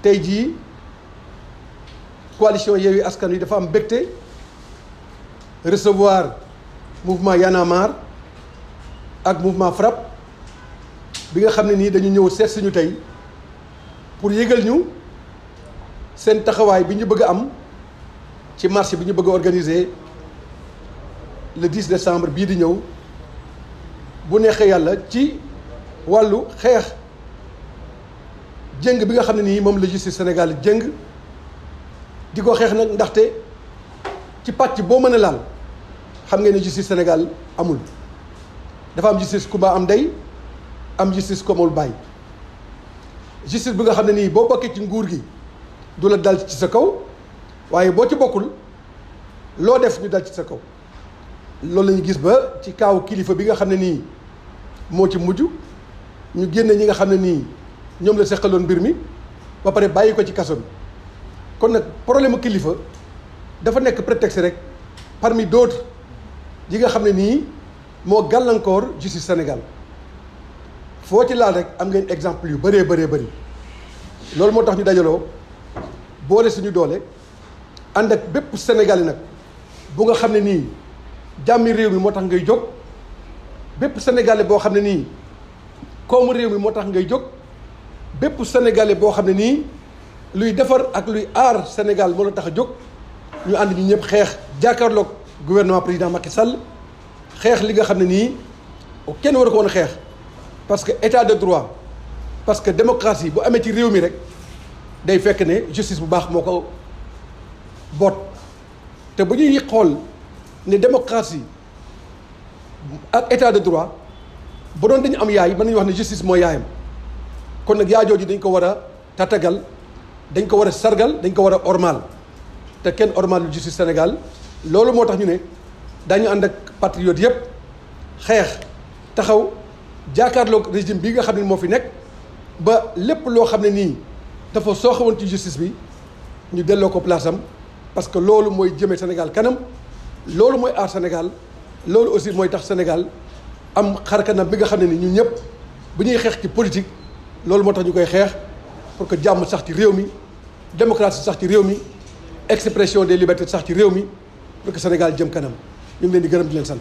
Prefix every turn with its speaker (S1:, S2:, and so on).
S1: tey jii coalition Yewwi Askan Wi dafa am mbégte recevoir mouvement Y'en ak mouvement FRAPP bi nga xam ne nii dañu ñëw seet suñu tey pour yëgal ñu seen taxawaay bi ñu bëgg am ci marché bi ñu bëgg a organiser le 10 décembre bii di ñëw bu neexee yàlla ci wàllu xeex jëng bi nga xam ne nii moom la justice Sénégal jëng di ko xeex nag ndaxte ci pàcc boo mën a laal xam ngeen ne justice Sénégal amul dafa am justice ku ma am ndey am justice ku amul baay justice bi nga xam ne nii boo bokkee ci nguur gi. du la dal ci sa kaw waaye boo ci bokkul loo def ñu dal ci sa kaw loolu lañu gis ba ci kaaw kilifa bi nga xam ne nii moo ci mujj ñu génne ñi nga xam ne nii ñoom la seqaloon mbir mi ba pare bàyyi ko ci kaso bi kon nag problème kilifa dafa nekk prétexte rek parmi dootu yi nga xam ne nii moo gàllankoor justice Sénégal foo ci laal rek am ngeen exemple yu bëree bëree bëri loolu moo tax ñu dajaloo boole suñu doole ànd ak bépp sénégalais nag bu nga xam ne nii jàmmi réew mi moo tax ngay jóg bépp sénégalais boo xam ne nii koomu réew mi moo tax ngay jóg bépp sénégalais boo xam ne nii luy defar ak luy aar Sénégal moo la tax a jóg ñu ànd ñi ñëpp xeex jàkkaarloog gouvernement président Macky Sall xeex li nga xam ne nii kenn war koon xeex parce que état de droit parce que démocratie bu amee ci réew mi rek. day fekk ne justice bu baax moo ko boot te bu ñuy xool ne démocratie ak état de droit bu doon dañu am yaay ba nañu wax ne justice mooy yaayam kon nag yaay jooju dañ ko war a tatagal dañ ko war a sargal dañ ko war a ormal te kenn ormal lu justice Sénégal loolu moo tax ñu ne dañu ànd ak patriotes yëpp xeex taxaw jaakaarloog régime bi nga xam ne moo fi nekk ba lépp loo xam ne nii dafa xawoon ci justice bi ñu delloo ko place am parce que loolu mooy jëmee Sénégal kanam loolu mooy aar Sénégal loolu aussi mooy tax Sénégal am xar kanam bi nga xam ne ni ñun ñëpp bu ñuy xeex ci politique loolu moo tax ñu koy xeex pour que jàmm sax ci réew mi démocratie sax ci réew mi expression des libertés sax ci réew mi pour que Sénégal jëm kanam ñu ngi leen di gërëm di leen sant.